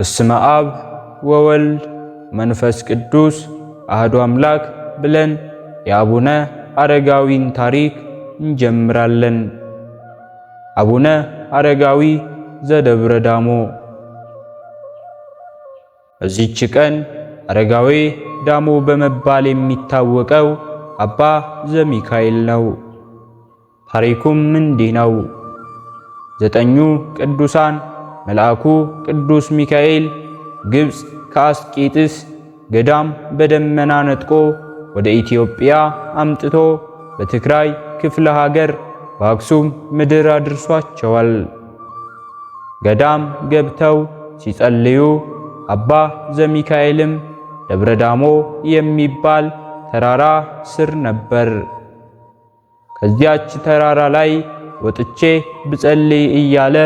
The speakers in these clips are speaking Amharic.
በስመ አብ ወወልድ መንፈስ ቅዱስ አህዶ አምላክ ብለን የአቡነ አረጋዊን ታሪክ እንጀምራለን። አቡነ አረጋዊ ዘደብረ ዳሞ። በዚች ቀን አረጋዊ ዳሞ በመባል የሚታወቀው አባ ዘሚካኤል ነው። ታሪኩም እንዲህ ነው። ዘጠኙ ቅዱሳን መልአኩ ቅዱስ ሚካኤል ግብፅ ከአስቄጥስ ገዳም በደመና ነጥቆ ወደ ኢትዮጵያ አምጥቶ በትግራይ ክፍለ ሀገር በአክሱም ምድር አድርሷቸዋል። ገዳም ገብተው ሲጸልዩ አባ ዘሚካኤልም ደብረ ዳሞ የሚባል ተራራ ስር ነበር። ከዚያች ተራራ ላይ ወጥቼ ብጸልይ እያለ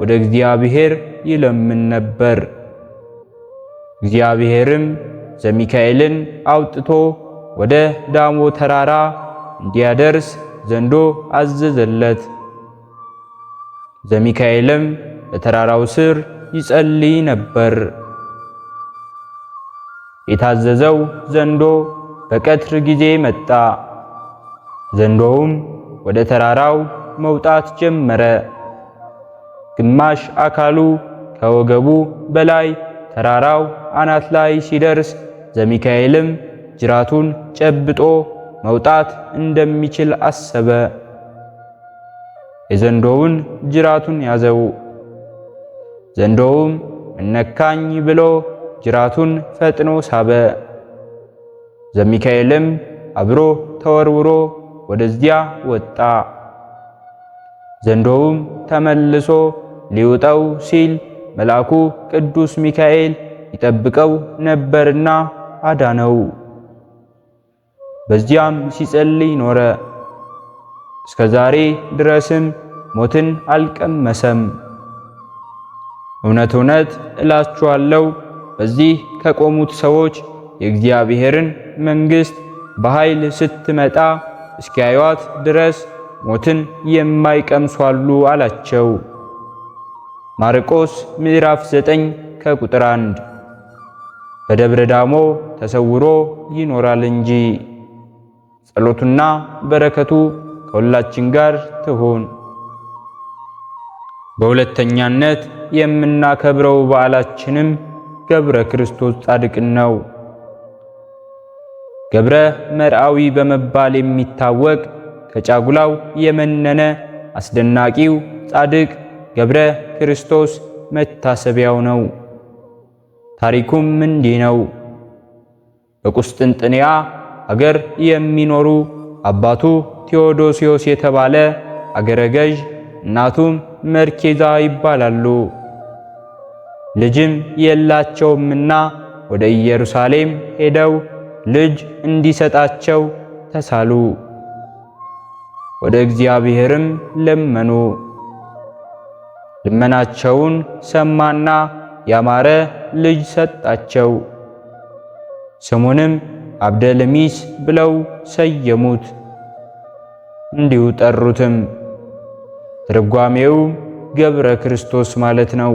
ወደ እግዚአብሔር ይለምን ነበር። እግዚአብሔርም ዘሚካኤልን አውጥቶ ወደ ዳሞ ተራራ እንዲያደርስ ዘንዶ አዘዘለት። ዘሚካኤልም በተራራው ስር ይጸልይ ነበር። የታዘዘው ዘንዶ በቀትር ጊዜ መጣ። ዘንዶውም ወደ ተራራው መውጣት ጀመረ። ግማሽ አካሉ ከወገቡ በላይ ተራራው አናት ላይ ሲደርስ ዘሚካኤልም ጅራቱን ጨብጦ መውጣት እንደሚችል አሰበ። የዘንዶውን ጅራቱን ያዘው። ዘንዶውም እነካኝ ብሎ ጅራቱን ፈጥኖ ሳበ። ዘሚካኤልም አብሮ ተወርውሮ ወደዚያ ወጣ። ዘንዶውም ተመልሶ ሊውጠው ሲል መልአኩ ቅዱስ ሚካኤል ይጠብቀው ነበርና አዳነው። በዚያም ሲጸልይ ኖረ። እስከ ዛሬ ድረስም ሞትን አልቀመሰም። እውነት እውነት እላችኋለሁ በዚህ ከቆሙት ሰዎች የእግዚአብሔርን መንግሥት በኃይል ስትመጣ እስኪያዩት ድረስ ሞትን የማይቀምሷሉ አላቸው። ማርቆስ ምዕራፍ 9 ከቁጥር 1 በደብረ ዳሞ ተሰውሮ ይኖራል እንጂ። ጸሎቱና በረከቱ ከሁላችን ጋር ትሁን። በሁለተኛነት የምናከብረው በዓላችንም ገብረ ክርስቶስ ጻድቅ ነው። ገብረ መርአዊ በመባል የሚታወቅ ከጫጉላው የመነነ አስደናቂው ጻድቅ ገብረ ክርስቶስ መታሰቢያው ነው። ታሪኩም እንዲህ ነው። በቁስጥንጥንያ አገር የሚኖሩ አባቱ ቴዎዶሲዮስ የተባለ አገረ ገዥ፣ እናቱም መርኬዛ ይባላሉ። ልጅም የላቸውምና ወደ ኢየሩሳሌም ሄደው ልጅ እንዲሰጣቸው ተሳሉ። ወደ እግዚአብሔርም ለመኑ። ልመናቸውን ሰማና ያማረ ልጅ ሰጣቸው። ስሙንም አብደልሚስ ብለው ሰየሙት፣ እንዲሁ ጠሩትም። ትርጓሜው ገብረ ክርስቶስ ማለት ነው።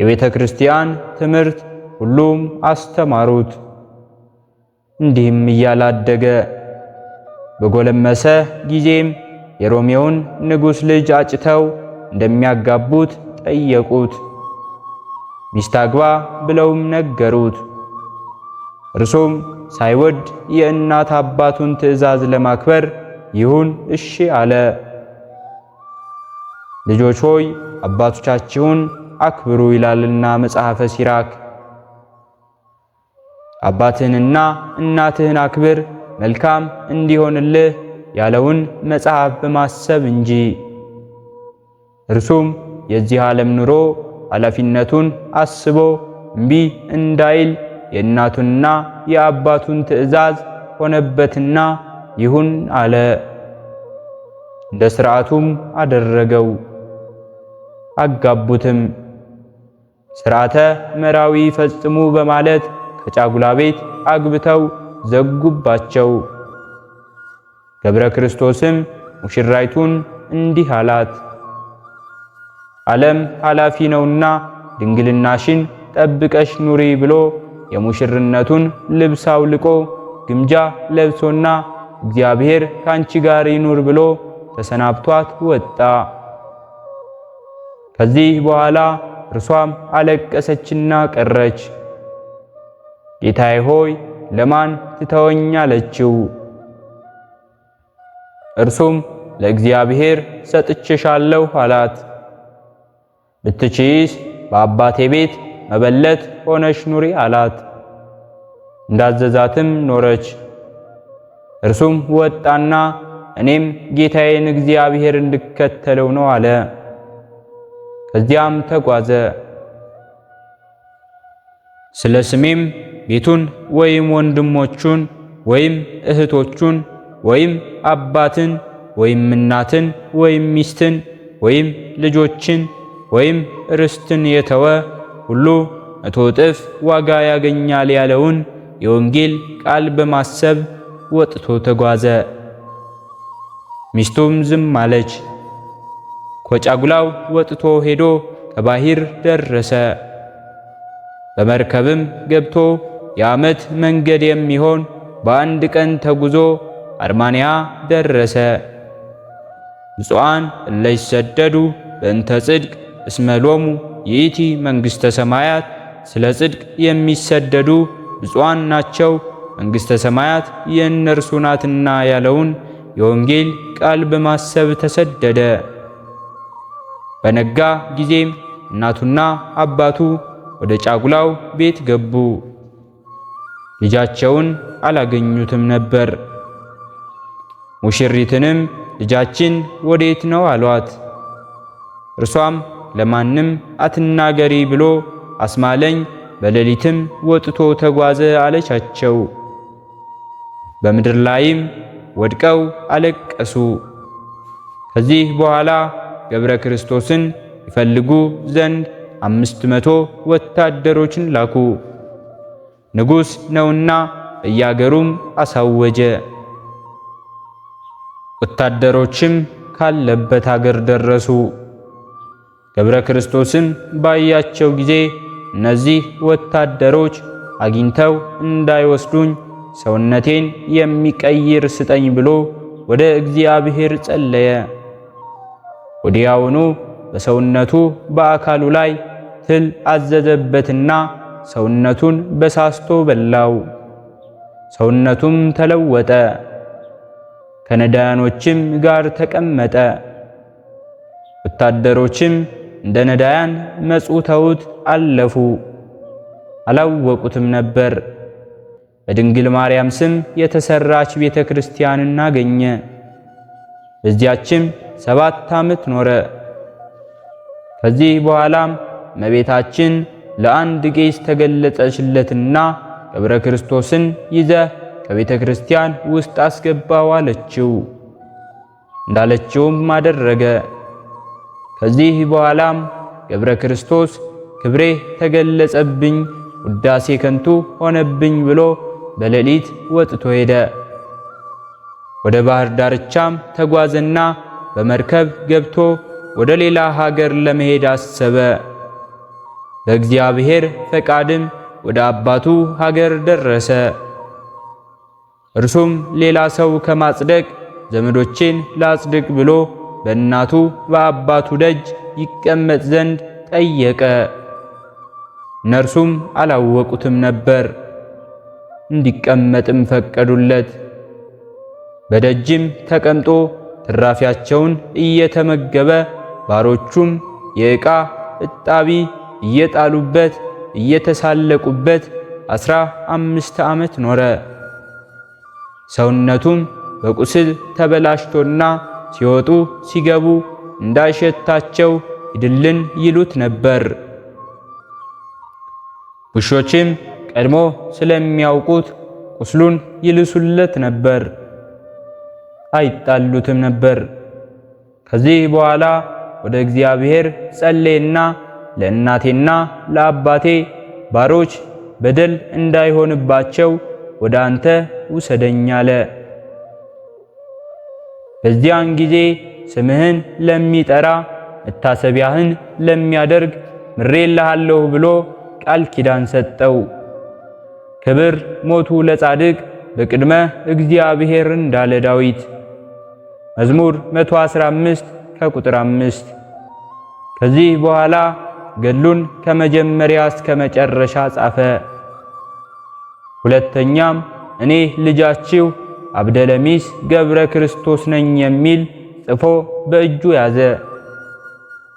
የቤተ ክርስቲያን ትምህርት ሁሉም አስተማሩት። እንዲህም እያላደገ በጎለመሰ ጊዜም የሮሜውን ንጉሥ ልጅ አጭተው እንደሚያጋቡት ጠየቁት። ሚስት አግባ ብለውም ነገሩት። እርሱም ሳይወድ የእናት አባቱን ትዕዛዝ ለማክበር ይሁን እሺ አለ። ልጆች ሆይ አባቶቻችሁን አክብሩ ይላልና መጽሐፈ ሲራክ። አባትህንና እናትህን አክብር መልካም እንዲሆንልህ ያለውን መጽሐፍ በማሰብ እንጂ እርሱም የዚህ ዓለም ኑሮ ኃላፊነቱን አስቦ እምቢ እንዳይል የእናቱንና የአባቱን ትእዛዝ ሆነበትና ይሁን አለ። እንደ ሥርዓቱም አደረገው፣ አጋቡትም። ሥርዓተ መራዊ ፈጽሙ በማለት ከጫጉላ ቤት አግብተው ዘጉባቸው። ገብረ ክርስቶስም ሙሽራይቱን እንዲህ አላት። ዓለም ኃላፊ ነውና ድንግልናሽን ጠብቀሽ ኑሪ ብሎ የሙሽርነቱን ልብስ አውልቆ ግምጃ ለብሶና እግዚአብሔር ካንቺ ጋር ይኑር ብሎ ተሰናብቷት ወጣ። ከዚህ በኋላ እርሷም አለቀሰችና ቀረች። ጌታዬ ሆይ ለማን ትተወኝ አለችው። እርሱም ለእግዚአብሔር ሰጥቼሻለሁ አላት። ብትችይስ በአባቴ ቤት መበለት ሆነሽ ኑሪ አላት። እንዳዘዛትም ኖረች። እርሱም ወጣና እኔም ጌታዬን እግዚአብሔር እንድከተለው ነው አለ። ከዚያም ተጓዘ። ስለ ስሜም ቤቱን ወይም ወንድሞቹን ወይም እህቶቹን ወይም አባትን ወይም እናትን ወይም ሚስትን ወይም ልጆችን ወይም ርስትን የተወ ሁሉ መቶ እጥፍ ዋጋ ያገኛል ያለውን የወንጌል ቃል በማሰብ ወጥቶ ተጓዘ። ሚስቱም ዝም አለች። ኮጫጉላው ወጥቶ ሄዶ ከባህር ደረሰ። በመርከብም ገብቶ የዓመት መንገድ የሚሆን በአንድ ቀን ተጉዞ አርማንያ ደረሰ። ብፁዓን እለ ሰደዱ በእንተ ጽድቅ እስመ ሎሙ ይእቲ መንግሥተ ሰማያት፣ ስለ ጽድቅ የሚሰደዱ ብፁዓን ናቸው መንግሥተ ሰማያት የእነርሱ ናትና ያለውን የወንጌል ቃል በማሰብ ተሰደደ። በነጋ ጊዜም እናቱና አባቱ ወደ ጫጉላው ቤት ገቡ። ልጃቸውን አላገኙትም ነበር። ሙሽሪትንም ልጃችን ወዴት ነው አሏት። እርሷም ለማንም አትናገሪ ብሎ አስማለኝ። በሌሊትም ወጥቶ ተጓዘ አለቻቸው። በምድር ላይም ወድቀው አለቀሱ። ከዚህ በኋላ ገብረ ክርስቶስን ይፈልጉ ዘንድ አምስት መቶ ወታደሮችን ላኩ። ንጉሥ ነውና እያገሩም አሳወጀ። ወታደሮችም ካለበት አገር ደረሱ። ገብረ ክርስቶስም ባያቸው ጊዜ እነዚህ ወታደሮች አግኝተው እንዳይወስዱኝ ሰውነቴን የሚቀይር ስጠኝ ብሎ ወደ እግዚአብሔር ጸለየ። ወዲያውኑ በሰውነቱ በአካሉ ላይ ትል አዘዘበትና ሰውነቱን በሳስቶ በላው። ሰውነቱም ተለወጠ፣ ከነዳያኖችም ጋር ተቀመጠ። ወታደሮችም እንደ ነዳያን መጽውተውት አለፉ፣ አላወቁትም ነበር። በድንግል ማርያም ስም የተሰራች ቤተ ክርስቲያንን አገኘ። በዚያችም ሰባት ዓመት ኖረ። ከዚህ በኋላም እመቤታችን ለአንድ ቄስ ተገለጸችለትና ገብረ ክርስቶስን ይዘ ከቤተ ክርስቲያን ውስጥ አስገባው አለችው። እንዳለችውም አደረገ። ከዚህ በኋላም ገብረ ክርስቶስ ክብሬ ተገለጸብኝ፣ ውዳሴ ከንቱ ሆነብኝ ብሎ በሌሊት ወጥቶ ሄደ። ወደ ባህር ዳርቻም ተጓዘና በመርከብ ገብቶ ወደ ሌላ ሀገር ለመሄድ አሰበ። በእግዚአብሔር ፈቃድም ወደ አባቱ ሀገር ደረሰ። እርሱም ሌላ ሰው ከማጽደቅ ዘመዶቼን ላጽድቅ ብሎ በእናቱ በአባቱ ደጅ ይቀመጥ ዘንድ ጠየቀ። ነርሱም አላወቁትም ነበር። እንዲቀመጥም ፈቀዱለት። በደጅም ተቀምጦ ትራፊያቸውን እየተመገበ ባሮቹም የዕቃ እጣቢ እየጣሉበት እየተሳለቁበት አስራ አምስት ዓመት ኖረ። ሰውነቱም በቁስል ተበላሽቶና ሲወጡ ሲገቡ እንዳይሸታቸው ይድልን ይሉት ነበር። ውሾችም ቀድሞ ስለሚያውቁት ቁስሉን ይልሱለት ነበር፣ አይጣሉትም ነበር። ከዚህ በኋላ ወደ እግዚአብሔር ጸለየና ለእናቴና ለአባቴ ባሮች በደል እንዳይሆንባቸው ወደ አንተ ውሰደኝ አለ። በዚያን ጊዜ ስምህን ለሚጠራ መታሰቢያህን ለሚያደርግ ምሬልሃለሁ ብሎ ቃል ኪዳን ሰጠው። ክብር ሞቱ ለጻድቅ በቅድመ እግዚአብሔር እንዳለ ዳዊት መዝሙር 115 ከቁጥር 5። ከዚህ በኋላ ገድሉን ከመጀመሪያ እስከ መጨረሻ ጻፈ። ሁለተኛም እኔ ልጃችሁ አብደለሚስ ገብረ ክርስቶስ ነኝ የሚል ጽፎ በእጁ ያዘ።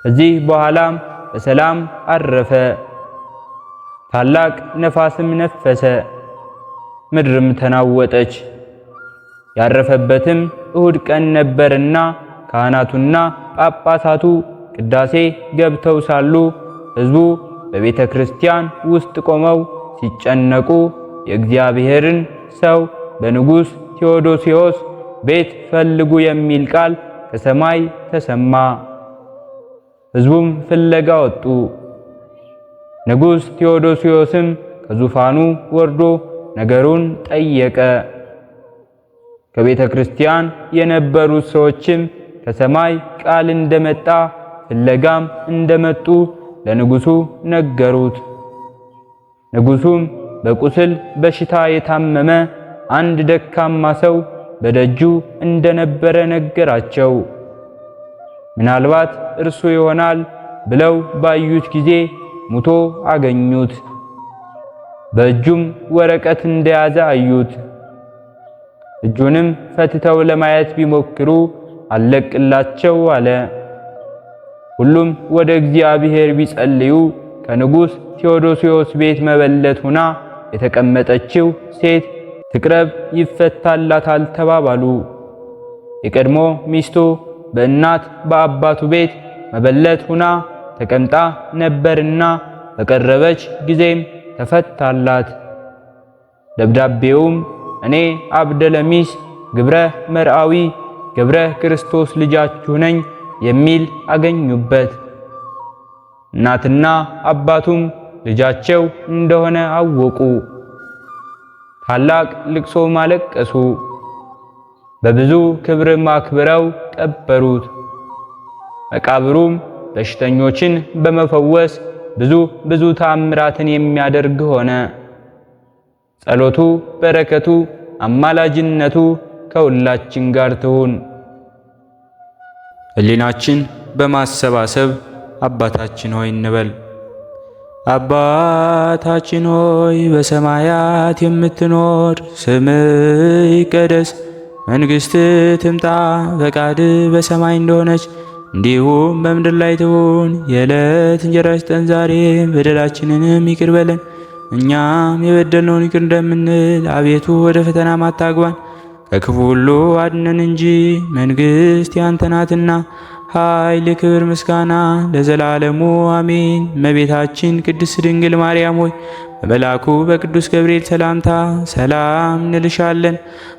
ከዚህ በኋላም በሰላም አረፈ። ታላቅ ነፋስም ነፈሰ፣ ምድርም ተናወጠች። ያረፈበትም እሁድ ቀን ነበርና ካህናቱና ጳጳሳቱ ቅዳሴ ገብተው ሳሉ ሕዝቡ በቤተ ክርስቲያን ውስጥ ቆመው ሲጨነቁ የእግዚአብሔርን ሰው በንጉሥ ቴዎዶሲዎስ ቤት ፈልጉ የሚል ቃል ከሰማይ ተሰማ። ሕዝቡም ፍለጋ ወጡ። ንጉሥ ቴዎዶሲዎስም ከዙፋኑ ወርዶ ነገሩን ጠየቀ። ከቤተ ክርስቲያን የነበሩት ሰዎችም ከሰማይ ቃል እንደመጣ ፍለጋም እንደመጡ ለንጉሱ ነገሩት። ንጉሱም በቁስል በሽታ የታመመ አንድ ደካማ ሰው በደጁ እንደነበረ ነገራቸው። ምናልባት እርሱ ይሆናል ብለው ባዩት ጊዜ ሙቶ አገኙት። በእጁም ወረቀት እንደያዘ አዩት። እጁንም ፈትተው ለማየት ቢሞክሩ አለቅላቸው አለ። ሁሉም ወደ እግዚአብሔር ቢጸልዩ ከንጉሥ ቴዎዶሲዮስ ቤት መበለት ሆና የተቀመጠችው ሴት ትቅረብ ይፈታላታል ተባባሉ። የቀድሞ ሚስቱ በእናት በአባቱ ቤት መበለት ሁና ተቀምጣ ነበርና በቀረበች ጊዜም ተፈታላት። ደብዳቤውም እኔ አብደለሚስ ግብረ መርአዊ ገብረ ክርስቶስ ልጃችሁ ነኝ የሚል አገኙበት። እናትና አባቱም ልጃቸው እንደሆነ አወቁ። ታላቅ ልቅሶ ማለቀሱ፣ በብዙ ክብርም አክብረው ቀበሩት። መቃብሩም በሽተኞችን በመፈወስ ብዙ ብዙ ታምራትን የሚያደርግ ሆነ። ጸሎቱ፣ በረከቱ፣ አማላጅነቱ ከሁላችን ጋር ትሁን። ሕሊናችን በማሰባሰብ አባታችን ሆይ እንበል። አባታችን ሆይ በሰማያት የምትኖር፣ ስምህ ይቀደስ፣ መንግሥት ትምጣ፣ ፈቃድ በሰማይ እንደሆነች እንዲሁም በምድር ላይ ትሁን። የዕለት እንጀራችንን ስጠን ዛሬ፣ በደላችንንም ይቅር በለን እኛም የበደልነውን ይቅር እንደምንል፣ አቤቱ ወደ ፈተና አታግባን፣ ከክፉ ሁሉ አድነን እንጂ መንግሥት ያንተ ናትና ኃይል፣ ክብር፣ ምስጋና ለዘላለሙ አሜን። እመቤታችን ቅድስት ድንግል ማርያም ሆይ በመልአኩ በቅዱስ ገብርኤል ሰላምታ ሰላም እንልሻለን።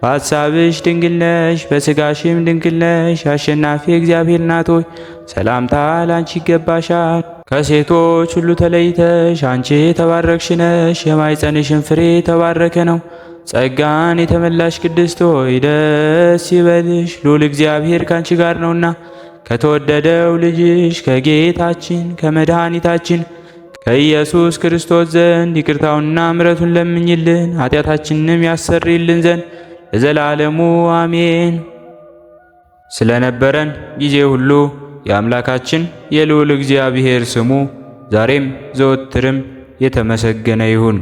በሐሳብሽ ድንግል ነሽ፣ በሥጋሽም ድንግል ነሽ። አሸናፊ እግዚአብሔር እናት ሆይ ሰላምታ ላንቺ ይገባሻል። ከሴቶች ሁሉ ተለይተሽ አንቺ የተባረክሽ ነሽ፣ የማይጸንሽን ፍሬ የተባረከ ነው። ጸጋን የተመላሽ ቅድስት ሆይ ደስ ይበልሽ፣ ልዑል እግዚአብሔር ካንቺ ጋር ነውና ከተወደደው ልጅሽ ከጌታችን ከመድኃኒታችን ከኢየሱስ ክርስቶስ ዘንድ ይቅርታውንና ምረቱን ለምኝልን ኃጢአታችንንም ያሰሪልን ዘንድ ለዘላለሙ አሜን። ስለነበረን ጊዜ ሁሉ የአምላካችን የልዑል እግዚአብሔር ስሙ ዛሬም ዘወትርም የተመሰገነ ይሁን።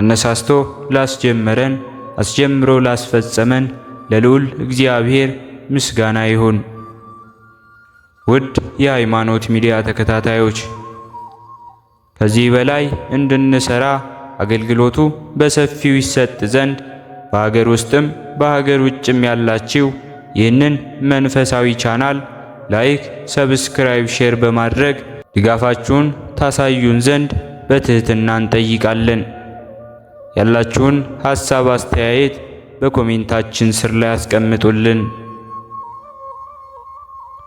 አነሳስቶ ላስጀመረን አስጀምሮ ላስፈጸመን ለልዑል እግዚአብሔር ምስጋና ይሁን። ውድ የሃይማኖት ሚዲያ ተከታታዮች ከዚህ በላይ እንድንሰራ አገልግሎቱ በሰፊው ይሰጥ ዘንድ በሀገር ውስጥም በሀገር ውጭም ያላችሁ ይህንን መንፈሳዊ ቻናል ላይክ፣ ሰብስክራይብ፣ ሼር በማድረግ ድጋፋችሁን ታሳዩን ዘንድ በትህትና እንጠይቃለን። ያላችሁን ሐሳብ፣ አስተያየት በኮሜንታችን ስር ላይ አስቀምጡልን።